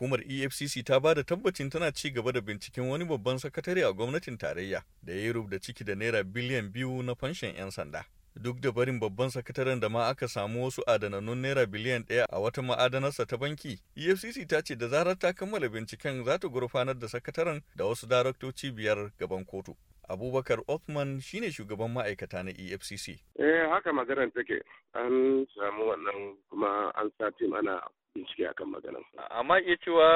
Hukumar EFCC ta ba da tabbacin tana ci gaba da binciken wani babban sakatare a gwamnatin tarayya da ya yi rubda ciki da naira biliyan biyu na fanshin 'yan sanda. Duk da barin babban sakataren da ma aka samu wasu adananun naira biliyan ɗaya a wata ma'adanarsa ta banki, EFCC ta ce da zarar ta kammala binciken za ta gurfanar da sakataren da wasu daraktoci biyar gaban kotu. abubakar othman shine shugaban ma'aikata na efcc eh haka maganar take an samu wannan kuma an sa tim ana bincike akan maganan. Amma iya cewa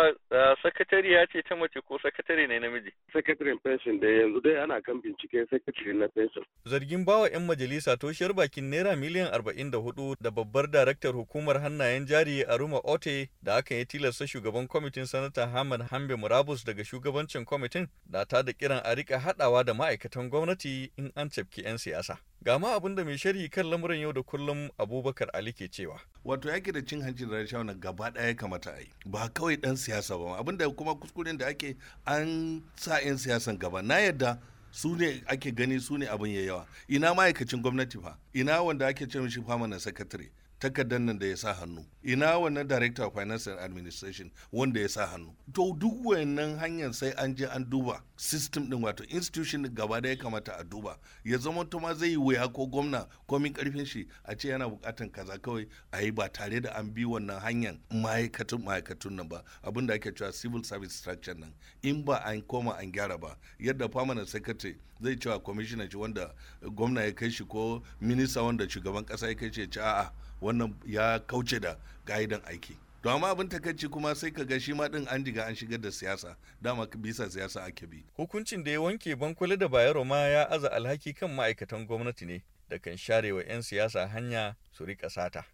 sakatariya ce ta mace ko sakatari ne namiji? Sakataren pension da yanzu dai ana kan bincike sakatari na pension. Zargin bawa 'yan majalisa toshiyar bakin naira miliyan arba'in da hudu da babbar daraktar hukumar hannayen jari a Ruma Ote da aka yi tilasta shugaban kwamitin sanata Hamad Hambe Murabus daga shugabancin kwamitin na ta da kiran a rika haɗawa da ma'aikatan gwamnati in an cafke 'yan siyasa. Ga ma abin da mai sharhi kan lamuran yau da kullum Abubakar Ali ke cewa. Wato yaki da cin hanci da rashawa gaba ɗaya kamata a yi. Ba kawai dan siyasa ba abin da kuma kuskuren da ake an sa 'yan siyasan gaba. Na yadda su ne ake gani su ne abin ya yawa. Ina ma'aikacin gwamnati fa? Ina wanda ake ce mishi na sakatare? takardar nan da ya sa hannu ina wannan director of finance and administration wanda ya sa hannu to duk wayannan hanyar sai an je an duba system din wato institution gaba da ya kamata a duba ya zama to ma zai yi wuya ko gwamna komin karfin shi a ce yana bukatan kaza kawai a yi ba tare da an bi wannan hanyar ma'aikatun ma'aikatun nan ba abinda ake cewa civil service structure nan in ba an koma an gyara ba yadda permanent secretary zai cewa commissioner shi wanda gwamna ya kai shi ko minista wanda shugaban kasa ya kai shi ya ce a'a wannan ya kauce da gaidan aiki to amma abin takaici kuma sai ka ga shi ma din an diga an shigar da siyasa dama bisa siyasa ake bi hukuncin da ya wanke bankwale da bayero ma ya aza alhaki kan ma'aikatan gwamnati ne da kan sharewa 'yan siyasa hanya su rika sata